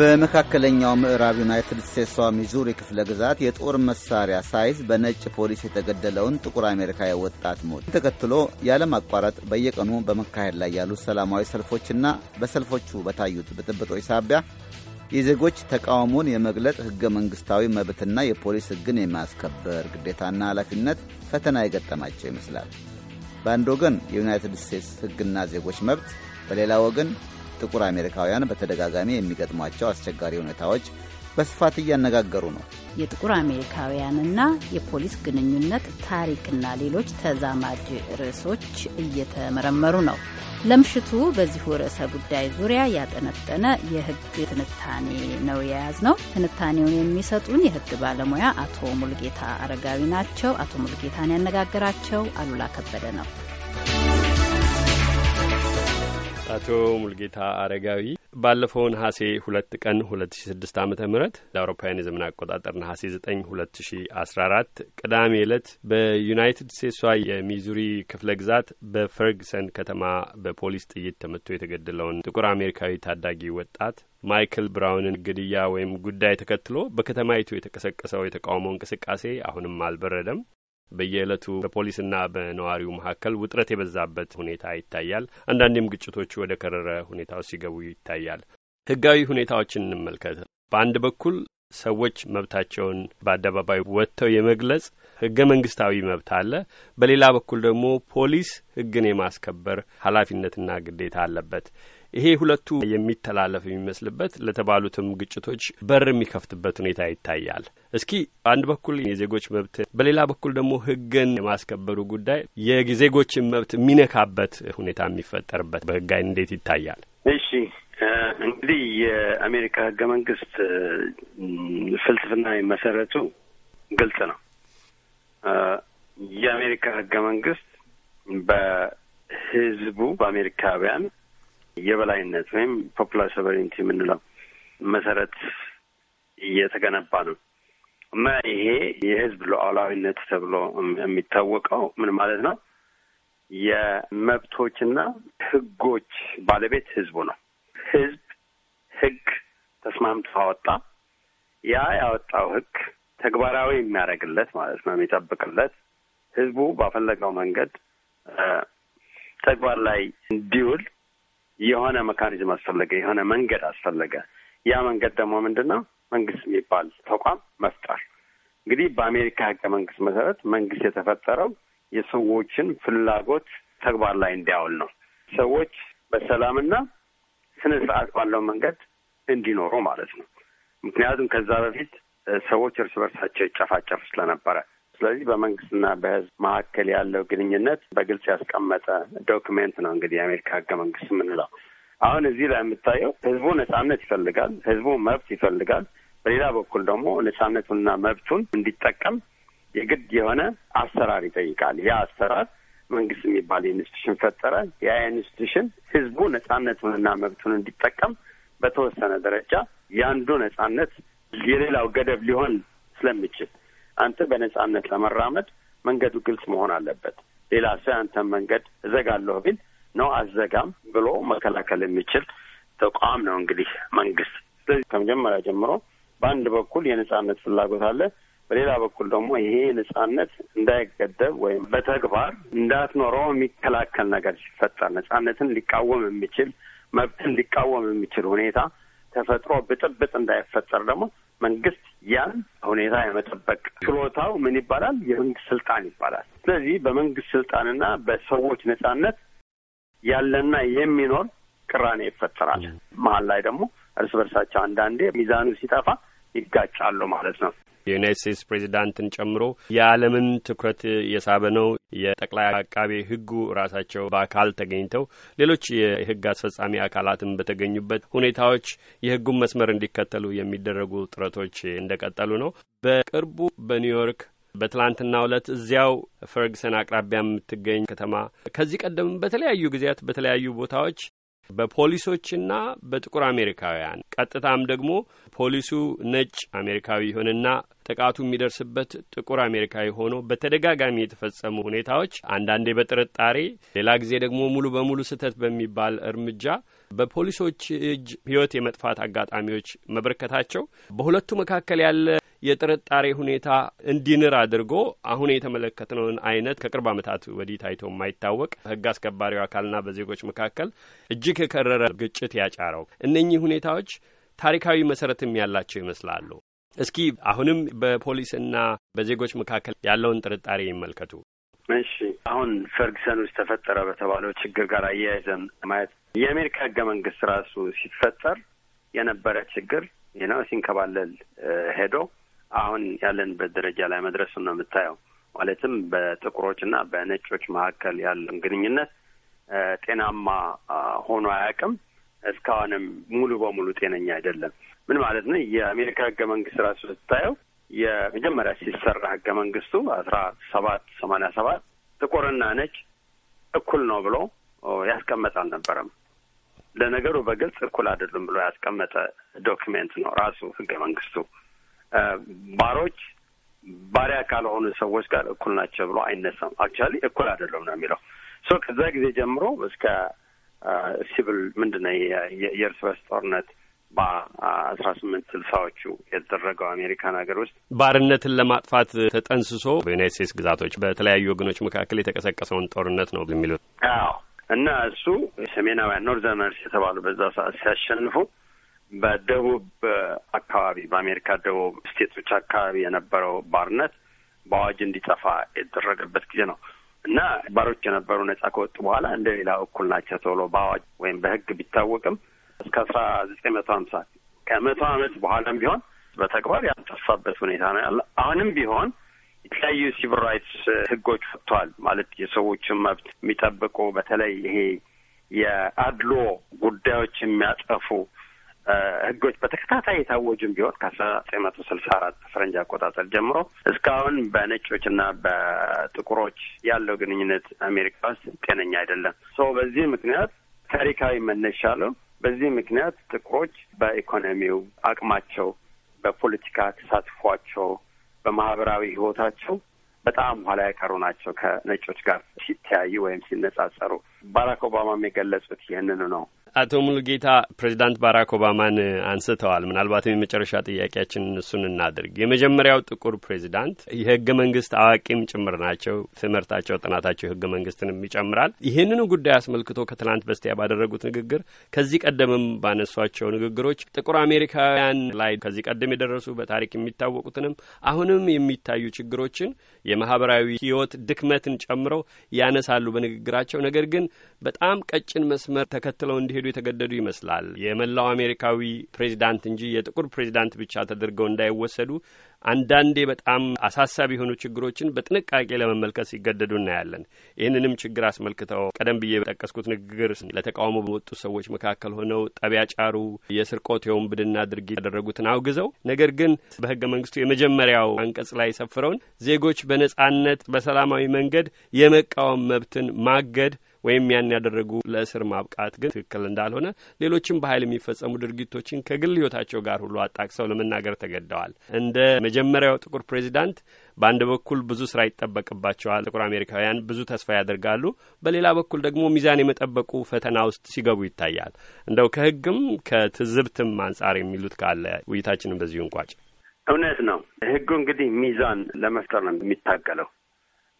በመካከለኛው ምዕራብ ዩናይትድ ዋ ሚዙሪ ክፍለ ግዛት የጦር መሳሪያ ሳይዝ በነጭ ፖሊስ የተገደለውን ጥቁር አሜሪካዊ ወጣት ሞት ተከትሎ ያለማቋረጥ በየቀኑ በመካሄድ ላይ ያሉት ሰላማዊ ሰልፎችና በሰልፎቹ በታዩት ብጥብጦች ሳቢያ የዜጎች ተቃውሞን የመግለጥ ህገ መንግስታዊ መብትና የፖሊስ ህግን የማስከበር ግዴታና ኃላፊነት ፈተና የገጠማቸው ይመስላል። በአንድ ወገን የዩናይትድ ስቴትስ ሕግና ዜጎች መብት፣ በሌላ ወገን ጥቁር አሜሪካውያን በተደጋጋሚ የሚገጥሟቸው አስቸጋሪ ሁኔታዎች በስፋት እያነጋገሩ ነው። የጥቁር አሜሪካውያንና የፖሊስ ግንኙነት ታሪክና ሌሎች ተዛማጅ ርዕሶች እየተመረመሩ ነው። ለምሽቱ በዚሁ ርዕሰ ጉዳይ ዙሪያ ያጠነጠነ የሕግ ትንታኔ ነው የያዝ ነው። ትንታኔውን የሚሰጡን የሕግ ባለሙያ አቶ ሙልጌታ አረጋዊ ናቸው። አቶ ሙልጌታን ያነጋገራቸው አሉላ ከበደ ነው። አቶ ሙልጌታ አረጋዊ ባለፈው ነሐሴ ሁለት ቀን ሁለት ሺ ስድስት ዓመተ ለአውሮፓውያን የዘመን አቆጣጠር ነሐሴ ዘጠኝ ሁለት ሺ አስራ አራት ቅዳሜ ዕለት በዩናይትድ ስቴትሷ የሚዙሪ ክፍለ ግዛት በፈርግሰን ከተማ በፖሊስ ጥይት ተመቶ የተገደለውን ጥቁር አሜሪካዊ ታዳጊ ወጣት ማይክል ብራውንን ግድያ ወይም ጉዳይ ተከትሎ በከተማይቱ የተቀሰቀሰው የተቃውሞ እንቅስቃሴ አሁንም አልበረደም። በየዕለቱ በፖሊስና በነዋሪው መካከል ውጥረት የበዛበት ሁኔታ ይታያል። አንዳንዴም ግጭቶቹ ወደ ከረረ ሁኔታው ሲገቡ ይታያል። ህጋዊ ሁኔታዎችን እንመልከት። በአንድ በኩል ሰዎች መብታቸውን በአደባባይ ወጥተው የመግለጽ ህገ መንግስታዊ መብት አለ። በሌላ በኩል ደግሞ ፖሊስ ህግን የማስከበር ኃላፊነትና ግዴታ አለበት። ይሄ ሁለቱ የሚተላለፍ የሚመስልበት ለተባሉትም ግጭቶች በር የሚከፍትበት ሁኔታ ይታያል። እስኪ አንድ በኩል የዜጎች መብት፣ በሌላ በኩል ደግሞ ህግን የማስከበሩ ጉዳይ የዜጎችን መብት የሚነካበት ሁኔታ የሚፈጠርበት በህጋይ እንዴት ይታያል? እሺ እንግዲህ የአሜሪካ ህገ መንግስት ፍልስፍና መሰረቱ ግልጽ ነው። የአሜሪካ ህገ መንግስት በህዝቡ በአሜሪካውያን የበላይነት ወይም ፖፑላር ሶቨሬንቲ የምንለው መሰረት እየተገነባ ነው እና ይሄ የህዝብ ሉዓላዊነት ተብሎ የሚታወቀው ምን ማለት ነው? የመብቶችና ህጎች ባለቤት ህዝቡ ነው። ህዝብ ህግ ተስማምቶ አወጣ። ያ ያወጣው ህግ ተግባራዊ የሚያደርግለት ማለት ነው፣ የሚጠብቅለት ህዝቡ ባፈለገው መንገድ ተግባር ላይ እንዲውል የሆነ መካኒዝም አስፈለገ፣ የሆነ መንገድ አስፈለገ። ያ መንገድ ደግሞ ምንድን ነው? መንግስት የሚባል ተቋም መፍጠር። እንግዲህ በአሜሪካ ህገ መንግስት መሰረት መንግስት የተፈጠረው የሰዎችን ፍላጎት ተግባር ላይ እንዲያውል ነው። ሰዎች በሰላምና ስነ ስርዓት ባለው መንገድ እንዲኖሩ ማለት ነው። ምክንያቱም ከዛ በፊት ሰዎች እርስ በርሳቸው ይጨፋጨፉ ስለነበረ ስለዚህ በመንግስትና በህዝብ መካከል ያለው ግንኙነት በግልጽ ያስቀመጠ ዶክሜንት ነው እንግዲህ የአሜሪካ ህገ መንግስት የምንለው። አሁን እዚህ ላይ የምታየው ህዝቡ ነጻነት ይፈልጋል፣ ህዝቡ መብት ይፈልጋል። በሌላ በኩል ደግሞ ነጻነቱንና መብቱን እንዲጠቀም የግድ የሆነ አሰራር ይጠይቃል። ያ አሰራር መንግስት የሚባል ኢንስቲቱሽን ፈጠረ። ያ ኢንስቲቱሽን ህዝቡ ነጻነቱንና መብቱን እንዲጠቀም በተወሰነ ደረጃ የአንዱ ነጻነት የሌላው ገደብ ሊሆን ስለሚችል አንተ በነጻነት ለመራመድ መንገዱ ግልጽ መሆን አለበት። ሌላ ሰው አንተን መንገድ እዘጋለሁ ቢል ነው አዘጋም ብሎ መከላከል የሚችል ተቋም ነው እንግዲህ መንግስት። ስለዚህ ከመጀመሪያ ጀምሮ በአንድ በኩል የነጻነት ፍላጎት አለ፣ በሌላ በኩል ደግሞ ይሄ ነጻነት እንዳይገደብ ወይም በተግባር እንዳትኖረው የሚከላከል ነገር ሲፈጠር ነጻነትን ሊቃወም የሚችል መብትን ሊቃወም የሚችል ሁኔታ ተፈጥሮ ብጥብጥ እንዳይፈጠር ደግሞ መንግስት ያን ሁኔታ የመጠበቅ ችሎታው ምን ይባላል? የመንግስት ስልጣን ይባላል። ስለዚህ በመንግስት ስልጣንና በሰዎች ነጻነት ያለና የሚኖር ቅራኔ ይፈጠራል። መሀል ላይ ደግሞ እርስ በርሳቸው አንዳንዴ ሚዛኑ ሲጠፋ ይጋጫሉ ማለት ነው። የዩናይት ስቴትስ ፕሬዚዳንትን ጨምሮ የዓለምን ትኩረት የሳበ ነው። የጠቅላይ አቃቤ ሕጉ ራሳቸው በአካል ተገኝተው ሌሎች የሕግ አስፈጻሚ አካላትን በተገኙበት ሁኔታዎች የሕጉን መስመር እንዲከተሉ የሚደረጉ ጥረቶች እንደቀጠሉ ነው። በቅርቡ በኒውዮርክ በትላንትና ዕለት እዚያው ፈርግሰን አቅራቢያ የምትገኝ ከተማ ከዚህ ቀደም በተለያዩ ጊዜያት በተለያዩ ቦታዎች በፖሊሶችና በጥቁር አሜሪካውያን ቀጥታም ደግሞ ፖሊሱ ነጭ አሜሪካዊ ይሆንና ጥቃቱ የሚደርስበት ጥቁር አሜሪካዊ ሆኖ በተደጋጋሚ የተፈጸሙ ሁኔታዎች አንዳንዴ በጥርጣሬ ሌላ ጊዜ ደግሞ ሙሉ በሙሉ ስህተት በሚባል እርምጃ በፖሊሶች እጅ ሕይወት የመጥፋት አጋጣሚዎች መበረከታቸው በሁለቱ መካከል ያለ የጥርጣሬ ሁኔታ እንዲንር አድርጎ አሁን የተመለከትነውን አይነት ከቅርብ ዓመታት ወዲህ ታይቶ የማይታወቅ ህግ አስከባሪው አካልና በዜጎች መካከል እጅግ የከረረ ግጭት ያጫረው እነኚህ ሁኔታዎች ታሪካዊ መሰረትም ያላቸው ይመስላሉ። እስኪ አሁንም በፖሊስና በዜጎች መካከል ያለውን ጥርጣሬ ይመልከቱ። እሺ፣ አሁን ፈርግሰን ውስጥ ተፈጠረ በተባለው ችግር ጋር አያይዘን ማየት የአሜሪካ ህገ መንግስት ራሱ ሲፈጠር የነበረ ችግር ነው ሲንከባለል ሄዶ አሁን ያለንበት ደረጃ ላይ መድረሱን ነው የምታየው። ማለትም በጥቁሮች በነጮች መካከል ያለን ግንኙነት ጤናማ ሆኖ አያውቅም። እስካሁንም ሙሉ በሙሉ ጤነኛ አይደለም። ምን ማለት ነው? የአሜሪካ ህገ መንግስት ራሱ ስታየው የመጀመሪያ ሲሰራ ህገ መንግስቱ አስራ ሰባት ሰማንያ ሰባት ጥቁርና ነጭ እኩል ነው ብሎ ያስቀመጠ አልነበረም። ለነገሩ በግልጽ እኩል አይደሉም ብሎ ያስቀመጠ ዶክሜንት ነው ራሱ ህገ መንግስቱ። ባሮች ባሪያ ካልሆኑ ሰዎች ጋር እኩል ናቸው ብሎ አይነሳም። አክቹዋሊ እኩል አይደለም ነው የሚለው ሶ ከዛ ጊዜ ጀምሮ እስከ ሲቪል ምንድነ የእርስ በርስ ጦርነት በአስራ ስምንት ስልሳዎቹ የተደረገው አሜሪካን ሀገር ውስጥ ባርነትን ለማጥፋት ተጠንስሶ በዩናይት ስቴትስ ግዛቶች በተለያዩ ወገኖች መካከል የተቀሰቀሰውን ጦርነት ነው የሚሉት። አዎ እና እሱ ሰሜናውያን ኖርዘርነርስ የተባሉ በዛ ሰዓት ሲያሸንፉ በደቡብ አካባቢ በአሜሪካ ደቡብ ስቴቶች አካባቢ የነበረው ባርነት በአዋጅ እንዲጠፋ የተደረገበት ጊዜ ነው እና ባሮች የነበሩ ነጻ ከወጡ በኋላ እንደ ሌላ እኩል ናቸው ተብሎ በአዋጅ ወይም በሕግ ቢታወቅም እስከ አስራ ዘጠኝ መቶ ሀምሳ ከመቶ ዓመት በኋላም ቢሆን በተግባር ያልጠፋበት ሁኔታ ነው ያለ። አሁንም ቢሆን የተለያዩ ሲቪል ራይትስ ሕጎች ወጥተዋል። ማለት የሰዎችን መብት የሚጠብቁ በተለይ ይሄ የአድሎ ጉዳዮች የሚያጠፉ ህጎች በተከታታይ የታወጁም ቢሆን ከአስራ ዘጠኝ መቶ ስልሳ አራት ፈረንጅ አቆጣጠር ጀምሮ እስካሁን በነጮችና በጥቁሮች ያለው ግንኙነት አሜሪካ ውስጥ ጤነኛ አይደለም። ሶ በዚህ ምክንያት ታሪካዊ መነሻ አለው። በዚህ ምክንያት ጥቁሮች በኢኮኖሚው አቅማቸው፣ በፖለቲካ ተሳትፏቸው፣ በማህበራዊ ህይወታቸው በጣም ኋላ የቀሩ ናቸው ከነጮች ጋር ሲተያዩ ወይም ሲነጻጸሩ። ባራክ ኦባማም የገለጹት ይህንኑ ነው። አቶ ሙሉጌታ ፕሬዚዳንት ባራክ ኦባማን አንስተዋል። ምናልባትም የመጨረሻ ጥያቄያችን እነሱን እናድርግ። የመጀመሪያው ጥቁር ፕሬዚዳንት የህገ መንግስት አዋቂም ጭምር ናቸው። ትምህርታቸው፣ ጥናታቸው የህገ መንግስትንም ይጨምራል። ይህንኑ ጉዳይ አስመልክቶ ከትናንት በስቲያ ባደረጉት ንግግር ከዚህ ቀደምም ባነሷቸው ንግግሮች ጥቁር አሜሪካውያን ላይ ከዚህ ቀደም የደረሱ በታሪክ የሚታወቁትንም አሁንም የሚታዩ ችግሮችን የማህበራዊ ህይወት ድክመትን ጨምረው ያነሳሉ በንግግራቸው። ነገር ግን በጣም ቀጭን መስመር ተከትለው እንዲሄ ሊሄዱ የተገደዱ ይመስላል። የመላው አሜሪካዊ ፕሬዚዳንት እንጂ የጥቁር ፕሬዚዳንት ብቻ ተደርገው እንዳይወሰዱ አንዳንዴ በጣም አሳሳቢ የሆኑ ችግሮችን በጥንቃቄ ለመመልከት ሲገደዱ እናያለን። ይህንንም ችግር አስመልክተው ቀደም ብዬ በጠቀስኩት ንግግር ለተቃውሞ በወጡ ሰዎች መካከል ሆነው ጠቢያ ጫሩ፣ የስርቆት የወንብድና ድርጊት ያደረጉትን አውግዘው፣ ነገር ግን በህገ መንግስቱ የመጀመሪያው አንቀጽ ላይ ሰፍረውን ዜጎች በነጻነት በሰላማዊ መንገድ የመቃወም መብትን ማገድ ወይም ያን ያደረጉ ለእስር ማብቃት ግን ትክክል እንዳልሆነ ሌሎችም በኃይል የሚፈጸሙ ድርጊቶችን ከግል ሕይወታቸው ጋር ሁሉ አጣቅሰው ለመናገር ተገደዋል። እንደ መጀመሪያው ጥቁር ፕሬዚዳንት በአንድ በኩል ብዙ ስራ ይጠበቅባቸዋል። ጥቁር አሜሪካውያን ብዙ ተስፋ ያደርጋሉ። በሌላ በኩል ደግሞ ሚዛን የመጠበቁ ፈተና ውስጥ ሲገቡ ይታያል። እንደው ከህግም ከትዝብትም አንጻር የሚሉት ካለ ውይይታችንን በዚሁ እንቋጭ። እውነት ነው። ህጉ እንግዲህ ሚዛን ለመፍጠር ነው የሚታገለው።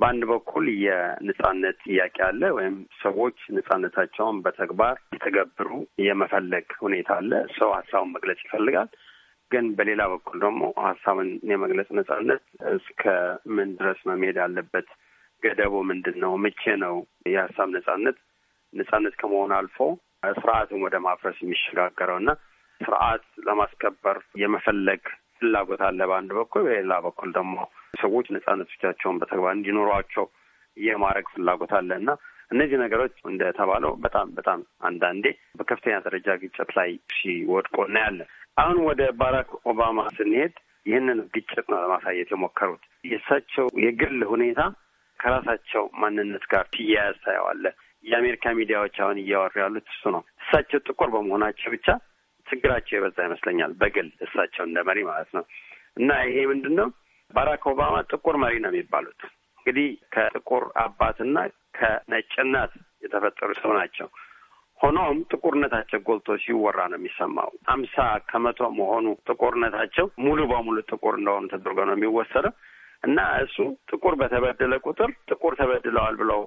በአንድ በኩል የነጻነት ጥያቄ አለ፣ ወይም ሰዎች ነጻነታቸውን በተግባር የተገብሩ የመፈለግ ሁኔታ አለ። ሰው ሀሳቡን መግለጽ ይፈልጋል። ግን በሌላ በኩል ደግሞ ሀሳብን የመግለጽ ነጻነት እስከ ምን ድረስ መሄድ አለበት? ገደቡ ምንድን ነው? መቼ ነው የሀሳብ ነጻነት ነጻነት ከመሆን አልፎ ስርዓቱን ወደ ማፍረስ የሚሸጋገረው እና ስርዓት ለማስከበር የመፈለግ ፍላጎት አለ በአንድ በኩል፣ በሌላ በኩል ደግሞ ሰዎች ነጻነቶቻቸውን በተግባር እንዲኖሯቸው የማድረግ ፍላጎት አለ እና እነዚህ ነገሮች እንደተባለው በጣም በጣም አንዳንዴ በከፍተኛ ደረጃ ግጭት ላይ ሲወድቆ እናያለን። አሁን ወደ ባራክ ኦባማ ስንሄድ ይህንን ግጭት ነው ለማሳየት የሞከሩት። የእሳቸው የግል ሁኔታ ከራሳቸው ማንነት ጋር ትያያዝ ታየዋለህ። የአሜሪካ ሚዲያዎች አሁን እያወሩ ያሉት እሱ ነው። እሳቸው ጥቁር በመሆናቸው ብቻ ችግራቸው የበዛ ይመስለኛል፣ በግል እሳቸው እንደ መሪ ማለት ነው። እና ይሄ ምንድን ነው ባራክ ኦባማ ጥቁር መሪ ነው የሚባሉት እንግዲህ ከጥቁር አባትና ከነጭ እናት የተፈጠሩ ሰው ናቸው። ሆኖም ጥቁርነታቸው ጎልቶ ሲወራ ነው የሚሰማው። አምሳ ከመቶ መሆኑ ጥቁርነታቸው ሙሉ በሙሉ ጥቁር እንደሆኑ ተደርጎ ነው የሚወሰደው እና እሱ ጥቁር በተበደለ ቁጥር ጥቁር ተበድለዋል ብለው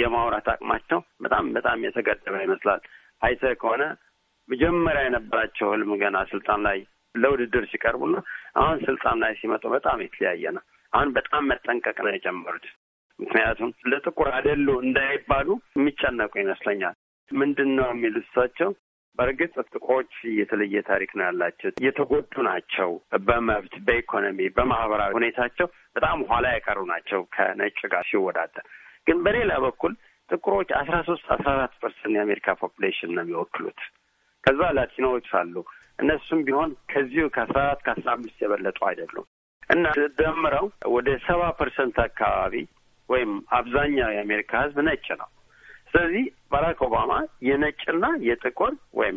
የማውራት አቅማቸው በጣም በጣም የተገደበ ይመስላል። አይተህ ከሆነ መጀመሪያ የነበራቸው ህልም ገና ስልጣን ላይ ለውድድር ሲቀርቡና አሁን ስልጣን ላይ ሲመጡ በጣም የተለያየ ነው። አሁን በጣም መጠንቀቅ ነው የጀመሩት። ምክንያቱም ለጥቁር አይደሉ እንዳይባሉ የሚጨነቁ ይመስለኛል። ምንድን ነው የሚሉት እሳቸው በእርግጥ ጥቁሮች የተለየ ታሪክ ነው ያላቸው። የተጎዱ ናቸው። በመብት፣ በኢኮኖሚ፣ በማህበራዊ ሁኔታቸው በጣም ኋላ የቀሩ ናቸው ከነጭ ጋር ሲወዳደር። ግን በሌላ በኩል ጥቁሮች አስራ ሶስት አስራ አራት ፐርሰንት የአሜሪካ ፖፕሌሽን ነው የሚወክሉት። ከዛ ላቲኖዎች አሉ። እነሱም ቢሆን ከዚሁ ከአስራ አራት ከአስራ አምስት የበለጡ አይደሉም እና ደምረው ወደ ሰባ ፐርሰንት አካባቢ ወይም አብዛኛው የአሜሪካ ህዝብ ነጭ ነው። ስለዚህ ባራክ ኦባማ የነጭና የጥቁር ወይም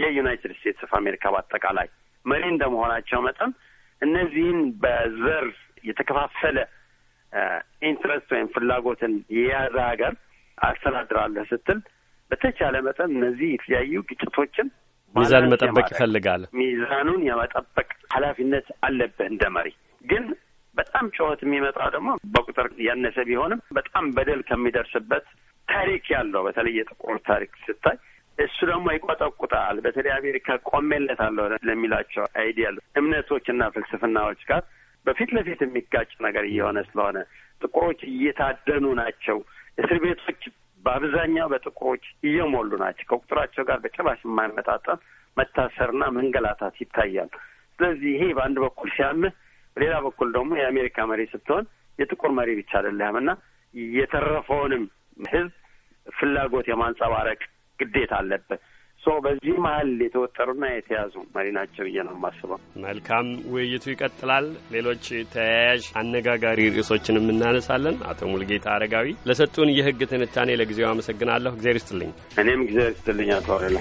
የዩናይትድ ስቴትስ ኦፍ አሜሪካ በአጠቃላይ መሪ እንደመሆናቸው መጠን እነዚህን በዘር የተከፋፈለ ኢንትረስት ወይም ፍላጎትን የያዘ ሀገር አስተዳድራለሁ ስትል በተቻለ መጠን እነዚህ የተለያዩ ግጭቶችን ሚዛን መጠበቅ ይፈልጋል። ሚዛኑን የመጠበቅ ኃላፊነት አለብህ እንደ መሪ። ግን በጣም ጩኸት የሚመጣው ደግሞ በቁጥር ያነሰ ቢሆንም በጣም በደል ከሚደርስበት ታሪክ ያለው በተለይ የጥቁር ታሪክ ስታይ እሱ ደግሞ ይቆጠቁጣል። በተለይ አሜሪካ ቆሜለታለሁ ለሚላቸው አይዲያል እምነቶችና ፍልስፍናዎች ጋር በፊት ለፊት የሚጋጭ ነገር እየሆነ ስለሆነ ጥቁሮች እየታደኑ ናቸው። እስር ቤቶች በአብዛኛው በጥቁሮች እየሞሉ ናቸው። ከቁጥራቸው ጋር በጭራሽ የማይመጣጠን መታሰርና መንገላታት ይታያል። ስለዚህ ይሄ በአንድ በኩል ሲያምህ፣ በሌላ በኩል ደግሞ የአሜሪካ መሪ ስትሆን የጥቁር መሪ ብቻ አይደለም እና የተረፈውንም ህዝብ ፍላጎት የማንጸባረቅ ግዴታ አለበት። በዚህ መሀል የተወጠሩና የተያዙ መሪ ናቸው ብዬ ነው የማስበው። መልካም ውይይቱ ይቀጥላል። ሌሎች ተያያዥ አነጋጋሪ ርዕሶችንም እናነሳለን። አቶ ሙልጌታ አረጋዊ ለሰጡን የህግ ትንታኔ ለጊዜው አመሰግናለሁ። እግዜር ይስጥልኝ። እኔም እግዜር ይስጥልኝ አቶ አሬላ